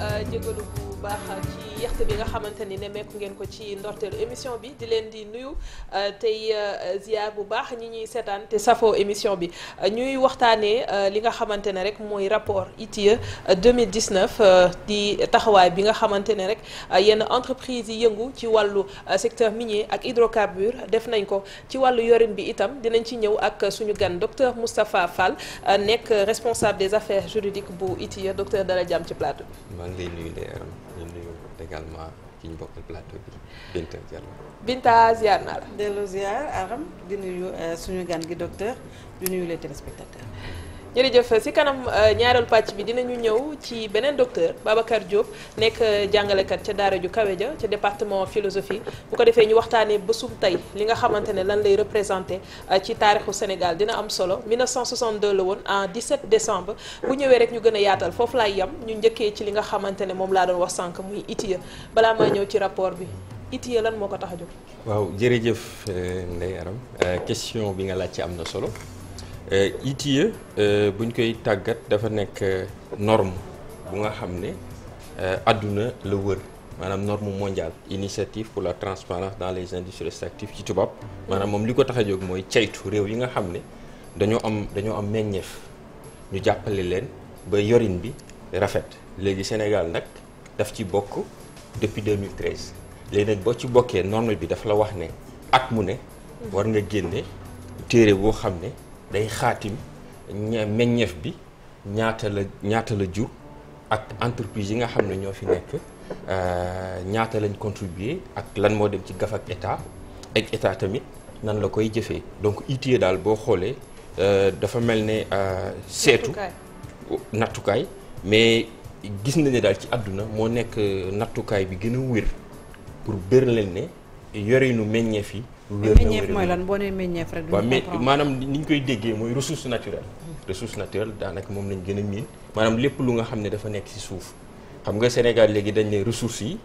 Euh, jégalu bu bu baax ci yaxte bi nga xamante ni nemmeeku ngeen ko ci ndorteelu émission bi di leen di nuyu euh, tey euh, ziar bu baax ñi ñuy seetaan te safoo émission bi euh, ñuy waxtaanee li nga xamante ne rek mooy rapport ITIE 2019 di taxawaay bi nga xamante ne rek yenn entreprise yi yëngu ci wàllu secteur minier ak hydrocarbure def nañ ko ci wàllu yorin bi itam dinañ ci ñëw ak suñu gan docteur Moustapha Fall nekk responsable des affaires juridiques bu ITIE docteur dala jàmm ci plateau également ki ñu bokkal plateau bi Binta ziar na Binta ziar naa la. dellu ziar Aram di nuyu euh, suñu gan gi docteur di nuyu les téléspectateurs. jërëjëf si kanam euh, ñaareelu pàcc bi dinañu ñëw ci beneen docteur Babacar Diop nekk euh, jàngalekat ca daara ju kawe ja ca département philosophie bu ko defee ñu waxtaanee bésum tey li nga xamante ne lan lay représenté euh, ci taarixu Sénégal dina am solo 1962 la woon en 17 décembre bu ñëwee rek ñu gën a yaatal foofu laay yam ñu njëkkee ci li nga xamante ne moom laa doon wax sànq muy ITIE balaa maa ñëw ci rapport bi ITIE lan moo ko tax a jóg. waaw jërëjëf Ndeye Aram question bi nga laaj ci am na solo. ITIE euh, e, euh, buñ koy tàggat dafa nekk euh, norme bu nga xam ne àdduna la wër maanaam norme mondiale initiative pour la transparence dans les industries extractives ci tubaab maanaam moom li ko tax a jóg mooy caytu réew yi nga xam ne dañoo am dañoo am meññeef ñu jàppale leen ba yorin bi rafet léegi Sénégal nag daf ci bokk depuis 2013 léegi nag boo ci bokkee norme bi dafa la wax ne at mu ne war nga génne téere boo xam ne day xaatim meññeef bi ñaata la ñaata la jur ak entreprise yi nga xam ne ñoo fi nekk euh, ñaata lañ contribuer ak lan moo dem ci gaf ak état ak état tamit nan la koy jëfee donc ITIE daal boo xoolee euh, dafa mel ne euh, seetu nattukaay mais gis na nañu daal ci àdduna moo nekk nattukaay bi gën a wér pour bëri leen ne yorinu meññeef yi meññeef mooy lan boo nee meññeef rek. waaw mais maanaam ni ñu koy déggee mooy ressource naturelle. ressource naturelle daanaka moom lañ gën a miin maanaam lépp lu nga xam ne dafa nekk si suuf xam nga Sénégal léegi dañ ne ressources yi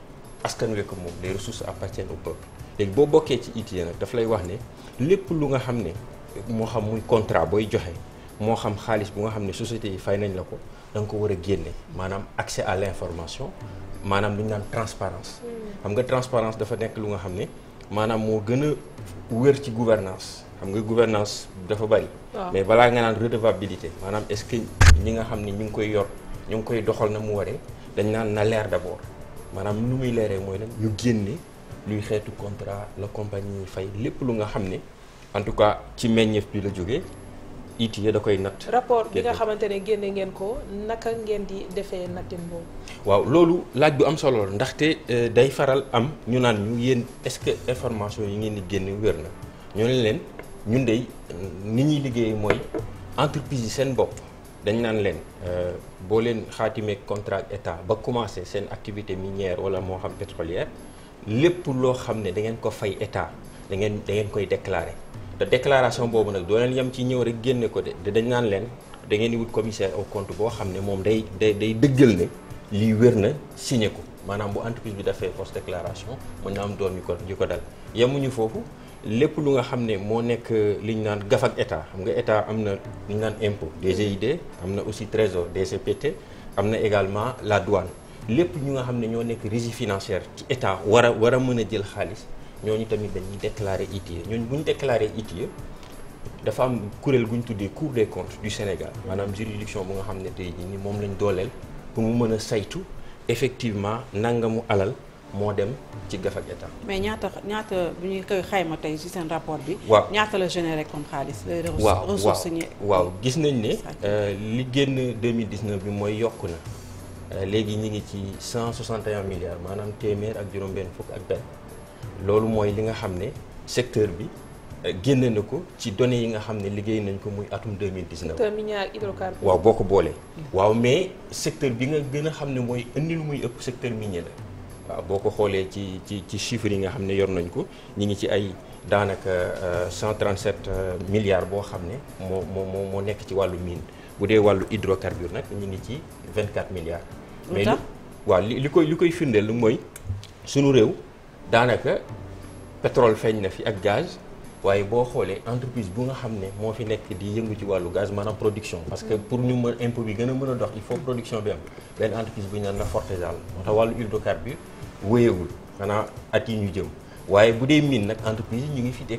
askan wi ko moom les ressources appartiennent au peuple léegi boo bokkee ci ITIE nag daf lay wax ne lépp lu nga xam ne moo xam muy contrat booy joxe moo xam xaalis bu nga xam ne société yi fay nañ la ko da nga ko war a génne maanaam accès à l'information maanaam lu ñu naan transparence hmm. xam nga transparence dafa nekk lu nga xam ne. maanaam moo gën a wér ci gouvernance xam nga gouvernance dafa bari mais balaa nga naan redevabilité maanaam est-ce que ñi nga xam ni ñu ngi koy yor ñu ngi koy doxal na mu waree dañ naan na leer d'abord maanaam nu muy leeree mooy lan ñu génne luy xeetu contrat la compagnie yi fay lépp lu nga xam ne en tout cas ci meññeef bi la jógee ITIE da koy natt. rapport bi nga xamante ne génne ngeen ko naka ngeen di defee nattin boobu. waaw loolu laaj bu am solo la ndaxte euh, day faral am ñu naan ñu yéen est-ce que information yi ngeen di génne wér na ñoo ne leen ñun de ni ñuy liggéey mooy entreprise yi seen bopp dañ naan leen euh, boo leen xaatimee contrat état ba commencé seen activité minière wala moo xam pétrolière lépp loo xam ne da ngeen ko fay état dangeen dangeen koy déclarer. te déclaration boobu nag doo yam yem ci ñëw rek génne ko de dañ naan leen dangeen ngeen di wut commissaire au compte boo xam ne moom day day day dëggal ne lii wér na signé ko maanaam bu entreprise bi dafee fausse déclaration mën na am doom yu ko yu ko dal yemuñu foofu lépp lu nga xam ne moo nekk li ñu naan gaf ak état xam nga état am na li ñu naan impôt DGID am na aussi trésor DCPT am na également la douane lépp ñu nga xam ne ñoo nekk régie financière ci état war a war mën a jël xaalis ñooñu tamit dañuy déclarer ITIE ñooñu bu ñu déclarer ITIE dafa am kuréel gu ñu tuddee Cour des comptes du Sénégal maanaam juridiction bu nga xam ne tey jii ni moom lañu dooleel pour mu mën a saytu effectivement nangamu alal moo dem ci gafak état. mais ñaata ñaata bu ñu koy xayma tey si seen rapport bi. waaw ñaata la généré comme xaalis. waaw ressources yi waaw gis nañ ne. Euh, li génn 2019 bi mooy yokk na euh, léegi ñu ngi ci 161 milliards maanaam téeméer ak juróom-benn fukk ak benn. loolu mooy li nga xam ne secteur bi euh, génne na ko ci données yi nga xam ne liggéey nañ ko muy atum 2019. secteur minière hydrocarbures. waaw boo ko boolee. waaw mais secteur bi nga gën a xam ne mooy indi lu muy ëpp secteur minier la. waaw boo ko xoolee ci ci ci chiffres yi nga xam ne yor nañ ko ñu ngi ci ay daanaka 137 euh, euh, milliards boo xam ne moo moo moo nekk ci wàllu mine bu dee wàllu hydrocarbure nag ñu ngi ci 24 milliards. mais waaw li li koy li koy firndeel mooy sunu réew. daanaka pétrole feeñ na fi ak gaz waaye boo xoolee entreprise bu nga xam ne moo fi nekk di yëngu ci wàllu gaz a production parce que pour ñu mën impôt bi gën a mën a dox il faut production bi am benn entreprise bu ñu naan ne Fortesal moo tax wàllu hydrocarbure wéyewul xanaa at yi ñu jëm waaye bu dee mine nag entreprise yi ñu ngi fi di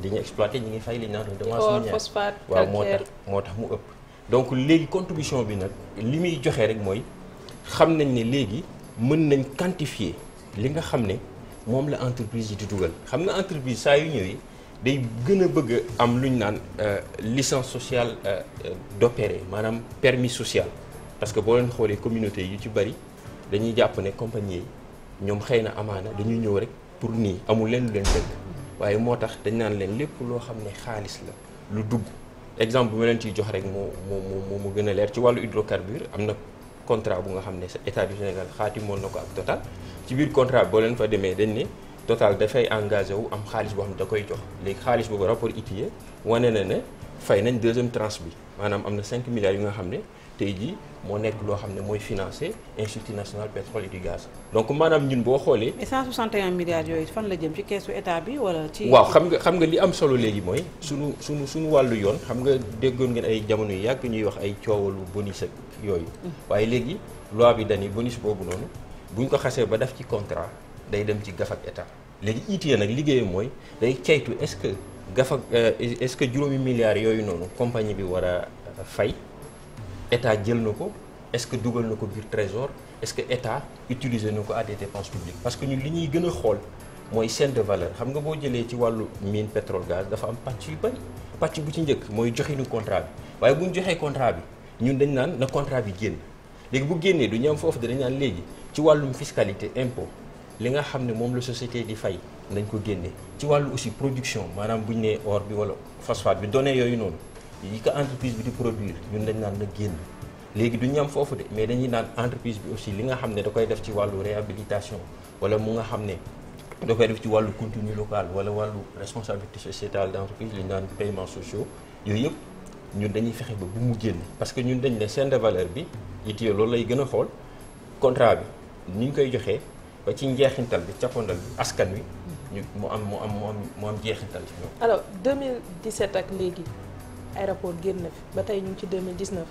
di ñu exploité ñu ngi fay li ñu naan demence minière waaw moo tax moo tax mu ëpp donc léegi contribution bi nag li muy joxe rek mooy xam nañ ne léegi mën nañ quantifier li nga xam ne moom la entreprise yi di dugal xam nga entreprise saa yu ñëwee day gën a bëgg am lu ñu naan euh, licence sociale euh, euh, d'opérer maanaam permis sociale parce que boo leen xoolee communauté yu ci bari dañuy jàpp ne compagnie yi ñoom xëy na amaana dañuy ñëw rek pour nii amul leen lu leen tënk waaye moo tax dañ naan leen lépp loo xam ne xaalis la lu dugg exemple bu ma leen ciy jox rek moo moo mu gën a leer ci wàllu hydrocarbure am na contrat bu nga xam ne état du Sénégal xaatimoon na ko ak Total ci biir contrat boo leen fa demee dañ ne total dafay engagé wu am xaalis boo xam ne da koy jox léegi xaalis boobu rapport ITIE wane na ne fay nañ deuxième tranche bi maanaam am na 5 milliards yu nga xam ne tey jii moo nekk loo xam ne mooy financé institut national pétrole et donc maanaam ñun boo xoolee. mais 161 milliards yooyu fan la jëm ci keesu état bi wala ci. waaw xam nga xam nga li am solo léegi mooy sunu sunu sunu wàllu yoon xam nga déggoon ngeen ay jamono yu yàgg ñuy wax ay coowalu bonus ak yooyu. Mm. waaye léegi loi bi dañuy bonus boobu noonu. bu buñ ko xasee ba def ci contrat day dem ci gafak état léegi ITIE nag liggéeyam mooy day caytu est-ce que gafak euh, est-ce que juróomi milliards yooyu noonu compagnie bi war a euh, fay état jël na ko est-ce que dugal na ko biir trésor est-ce que état utiliser na ko à des dépenses parce que ñun li ñuy gën a xool mooy chaîne valeur xam nga boo jëlee ci wàllu mine pétrole gaz dafa am pàcc yu bari pàcc bu ci njëkk mooy joxinu contrat bi waaye bu ñu joxee contrat bi ñun dañ naan na contrat bi génn léegi bu génnee du ñu foofu danañ naan léegi ci wàllum fiscalité impôt li nga xam ne moom la société di fay nañ ko génne ci wàllu aussi production maanaam bu ñu nee or bi wala phosphate bi données yooyu noonu yi ko entreprise bi di produire ñun dañ naan na génn léegi du ñu am foofu de mais dañuy naan entreprise bi aussi li nga xam ne da koy def ci wàllu réhabilitation wala mu nga xam ne da def ci wàllu contenu locale wala wàllu responsabilité sociétale d' entreprise li ñu naan paiements sociaux yooyu yëpp ñun dañuy fexe ba bu génn parce que ñun dañ ne chaîne de valeur bi it loolu lay gën a xool contrat bi ni ñu koy joxee ba ci njeexintal bi cappandal bi askan wi ñu mu am mu am mu am mu am jeexintal ci ñoom. alors ak léegi aéroport génn na fi ba tey ñu ngi ci 2019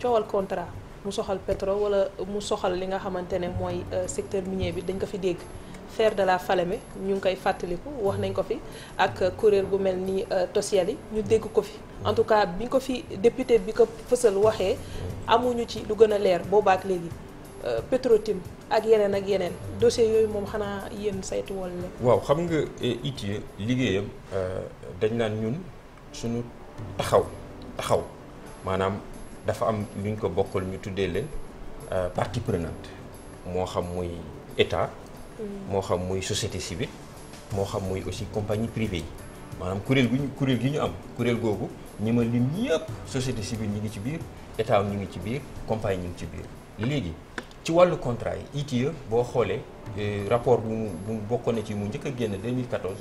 coowal contrat mu soxal pétrole wala mu soxal li nga xamante ne mooy euh, secteur minier bi dañ ko fi dégg. fer de la Falémé ñu ngi koy fàttaliku wax nañ ko fi ak kuréel gu mel ni euh, Tosiyali yi ñu dégg ko fi en tout cas bi ko fi député bi ko fësal waxee amuñu ci lu gën a leer boobaak léegi. Euh, Petro-Tim ak yeneen ak yeneen dossier yooyu moom xanaa yéen saytu woon la. waaw xam nga ITIE liggéeyam euh, dañ naan ñun suñu taxaw taxaw maanaam dafa am lu ñu ko bokkal ñu tuddee leen euh, parti prenant moo xam muy état. Mm. moo xam muy société civile. moo xam muy aussi compagnie privée yi maanaam kuréel gu ñu kuréel gi ñu am kuréel googu ñi ma lim yëpp société civile ñi ngi ci biir état ñu ngi ci biir compagnie ñi ngi ci biir léegi. ci wàllu contrat yi ITIE boo xoolee eh, rapport bu mu bokkoon na ci mu njëkk a génn 2014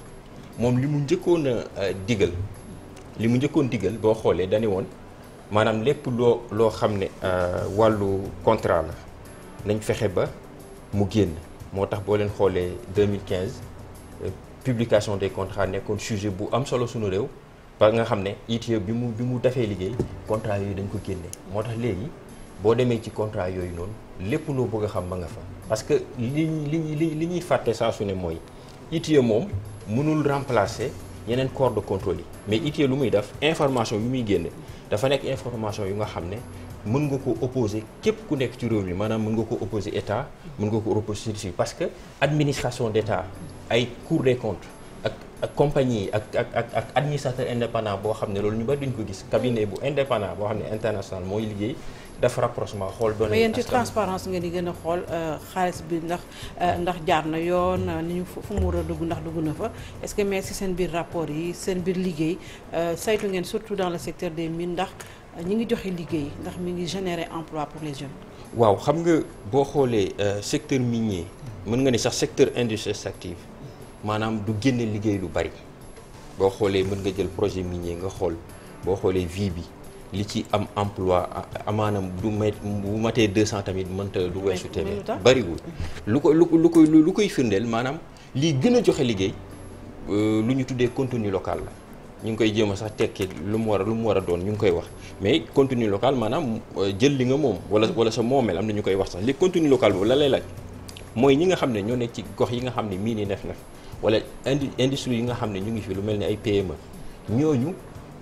moom li mu njëkkoon a digal li mu njëkkoon digal boo xoolee dañu woon maanaam lépp loo loo xam ne euh, wàllu contrat la nañ fexe ba mu génn moo tax boo leen xoolee quinze euh, publication des contrats nekkoon sujet bu am solo sunu réew ba nga xam ne ITIE bi mu bi mu defee liggéey contrat yooyu dañ ko génnee moo tax léegi. boo demee ci contrat yooyu noonu lépp loo bëgg a xam ma nga fa. parce que li li li li ñuy fàtte saa su ne mooy ITIE moom mënul remplacer yeneen corps de contrôle yi mais ITIE lu muy def information yu muy génne dafa nekk information yu nga xam ne mën nga ko opposer képp ku nekk ci réew yi maanaam mën nga ko opposer état mën nga ko opposer parce que administration d'état ay cour de comptes ak ak compagnie ak ak ak ak administrateur indépendant boo xam ne ñu bari duñ ko gis cabinet bu indépendant boo xam ne international mooy liggéey. def rapprochement xool doon mais yéen transparence ngeen di gën a xool euh, xaalis bi ndax euh, ndax jaar na yoon euh, ni ñu fu mu war a dugg ndax dugg na fa est-ce que mais si seen biir rapport yi seen biir liggéey saytu ngeen surtout dans le secteur des mines ndax ñi ngi joxe liggéey ndax mi ngi générer emploi pour les jeunes waaw xam nga boo xoolee secteur minier mën nga ni sax secteur industrie active maanaam du génne liggéey lu bari boo xoolee mën nga jël projet minier nga xool boo xoolee vie bi li ci am emploi amaanam du may bu matee deux cent tamit mënta du weesu téeméer bariwul lu ko lu lu koy lu koy firndeel maanaam lii gën a joxe liggéey euh, lu ñu tuddee continue local la ñu ngi koy jéem a sax tekki lu mu war a lu mu war a doon ñu ngi koy wax mais continue local maanaam euh, jël li nga moom wala wala sa moomeel am na ñu koy wax sax li contenu local boobu la lay laaj mooy ñi nga xam ne ñoo nekk ci gox yi nga xam ne mii nii nef-nef wala indi industrie yi nga xam ne ñu ngi fi lu mel ni ay PME ñooñu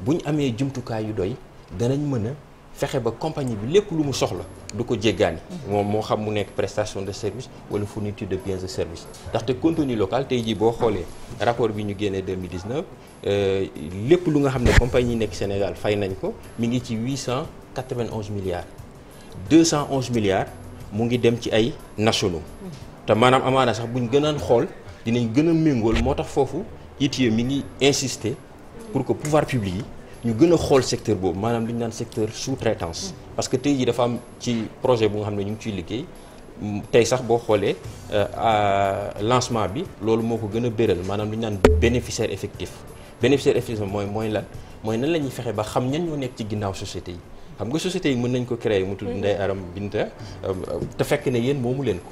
bu ñu amee jumtukaay yu doy danañ mën a fexe ba compagnie bi lépp lu mu soxla du ko jéggaani moom moo xam mu nekk prestation de service wala fourniture de biens et services ndaxte contenu local tey jii boo xoolee rapport bi ñu génnee 2019 euh, lépp lu nga xam ne compagnie yi nekk Sénégal fay nañ ko mi ngi ci 891 milliards 211 milliards mu ngi dem ci ay nationaux te maanaam amaana sax buñ gën a xool dinañ gën a méngool moo tax foofu ITIE mi ngi insister pour que pouvoir public yi ñu gën a xool secteur boobu maanaam li ñu naan secteur sous-traitance parce que tey ji dafa am ci projet bu nga xam ne ñu ngi ciy liggéey tey sax boo xoolee euh, lancement bi loolu moo ko gën a béral maanaam li ñu naan bénéficiaire effectif bénéficiaire effectif mooy mooy lan mooy nan la ñuy fexe ba xam ñan ñoo nekk ci ginnaaw société yi nga société mën nañ ko créer mu tudd Ndeye Aram Binta euh, euh, te fekk ne yéen moomu leen ko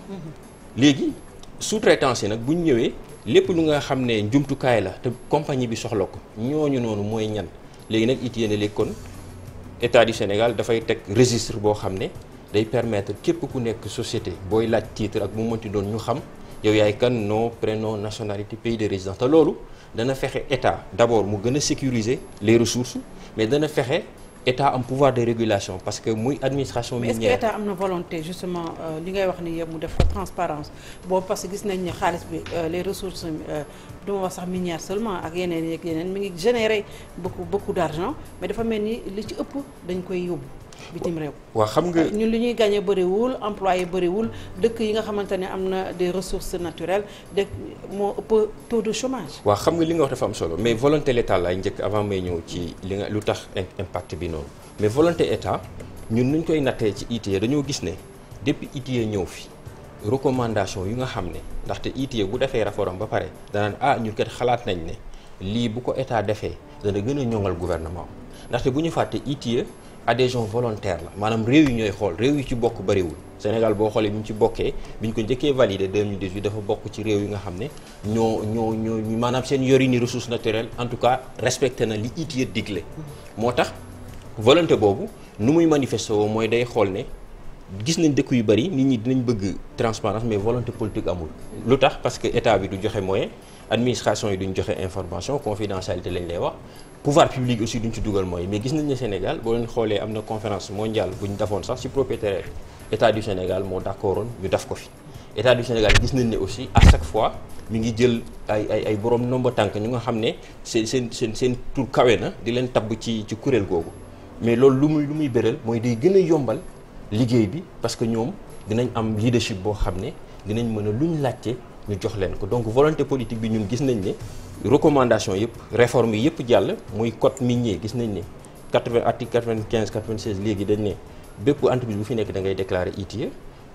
léegi sous yi nag bu ñu ñëwee lépp lu nga xam ne njumtukaay la te compagnie bi soxla ko ñooñu noonu mooy ñan léegi nag it yéene léegi kon état du Sénégal dafay teg registre boo xam ne day permettre képp ku nekk société booy laaj titre ak mu mënti doon ñu xam yow yaay kan nom prénom nationalité pays de résidence te loolu dana fexe état d'abord mu gën a sécuriser les ressources mais dana fexe. état am pouvoir de régulation parce que muy administration minière. mais état am na volonté justement euh, li ngay wax ni yëpp mu def ko transparence boobu parce que gis nañ ni xaalis bi euh, les ressources euh, du wax sax minière seulement ak yeneen yeeg yeneen mi ngi générer beaucoup beaucoup d'argent mais dafa mel ni li ci ëpp dañ koy yóbbu. bitim réew. waaw xam nga ñun li ñuy gagné bëriwul employé bëriwul dëkk yi nga xamante ne am na des ressources naturelles de moo ëpp taux de chômage. waaw xam nga li nga wax dafa am solo mais volonté l'état laay njëkk avant may ñëw ci li nga lu tax impact bi noonu mais volonté état ñun nuñ koy nattee ci ITIE dañoo gis ne depuis ITIE ñëw fi. recommandation yi nga xam ne ndaxte ITIE bu defee réforme ba pare danaan ah ñun kat xalaat nañ ne lii bu ko état defee dana gën a ñoŋal gouvernement ndaxte bu ñu adhésion volontaire la maanaam réew yi ñooy xool réew yi ci bokk bariwul Sénégal boo xoolee bi ñu ci bokkee bi ñu ko njëkkee validé 2018 dafa bokk ci réew yi nga xam ne ñoo ñoo ñoo maanaam seen yori ni ressource naturelle en tout cas respecté na li it ya digle moo tax volonté boobu nu muy manifesté woo mooy day xool ne gis nañ dëkk yu bari nit ñi dinañ bëgg transparence mais volonté politique amul lu tax parce que état bi du joxe moyen administration yi duñ joxe information confidentialité lañ lay wax pouvoir public aussi duñ ci dugal mooy mais gis nañ ne Sénégal boo leen xoolee am na conférence mondiale bu ñu defoon sax ci propriétaire état du Sénégal moo d'accordoon ñu def ko fi état du Sénégal gis nañ ne aussi à chaque fois mu ngi jël ay ay boroom borom tànk ñu nga xam ne seen seen seen seen tur kawe na di leen tabb ci ci kuréel googu mais loolu lu muy lu muy bëral mooy day gën a yombal liggéey bi parce que ñoom dinañ am leadership boo xam ne dinañ mën a luñ laajte ñu jox leen ko donc volonté politique bi ñun gis nañ ne. recommandation yëpp réforme yi yëpp jàll muy code minier gis nañ ne 80 article 95 96 léegi dañ ne bépp entreprise bu fi nekk da ngay déclarer ITIE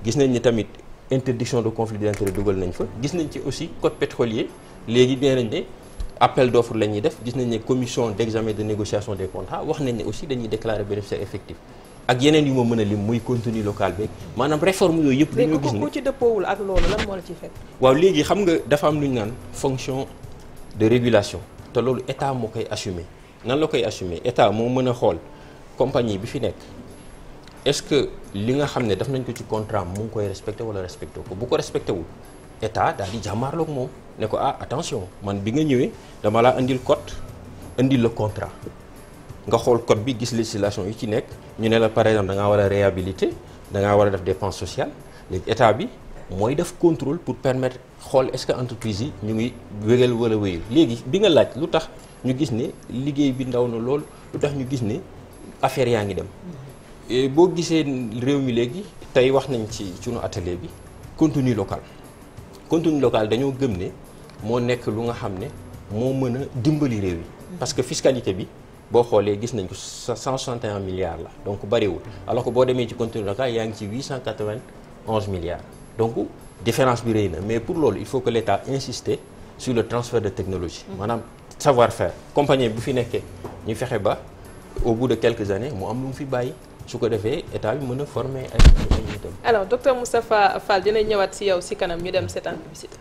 gis nañ ne tamit interdiction de conflit d'intérêt dugal nañ fa gis nañ ci aussi code pétrolier léegi nee nañ ne appel d'offre la def gis nañ ne commission d'examen de négociation des contrats wax nañ ne aussi dañuy déclarer bénéficiaire effectif ak yeneen yu ma mën a lim muy contenu locale bi maanaam réforme yooyu yëpp dañoo gis ne ku ci dëppoowul ak loolu lan moo la xam nga dafa am lu ñu naan fonction de régulation te loolu état moo koy assumer nan la koy assumer état moo mën a xool compagnie bi fi nekk est-ce que li nga xam ne daf nañ ko ci contrat mu ngi koy respecté wala respecté ko bu ko respecté wul état daal di jàmmaarloog moom ne ko ah attention man bi nga ñëwee dama laa indil code indil la contrat nga xool code bi gis législation yi ci nekk ñu ne la par exemple da ngaa war a réhabiliter da ngaa war a def dépense sociale léegi état bi. mooy def contrôle pour permettre xool est-ce que entreprise yi ñu ngi wégal wala wéyul léegi bi nga laaj lu tax ñu gis ne liggéey bi ndaw na lool lu tax ñu gis ne affaire yaa ngi dem boo gisee réew mi léegi tey wax nañ ci sunu atelier bi contenu local contenu local dañoo gëm ne moo nekk lu nga xam ne moo mën a dimbali réew yi parce que fiscalité bi boo xoolee gis nañ ko 161 milliards la donc bariwul alors que boo demee ci contenu local yaa ngi ci 891 milliards donc différence bi rëy na mais pour loolu il faut que l'État insiste sur le transfert de technologie mm-hmm. maanaam savoir fair compagnie bu fi nekkee ñu fexe ba au bout de quelques années mu am lu mu fi bàyyi su ko defee état bi mën a former ay itam alors docteur Moustapha Fall dina ñëwaat ci yow ci kanam ñu dem seetaan publicité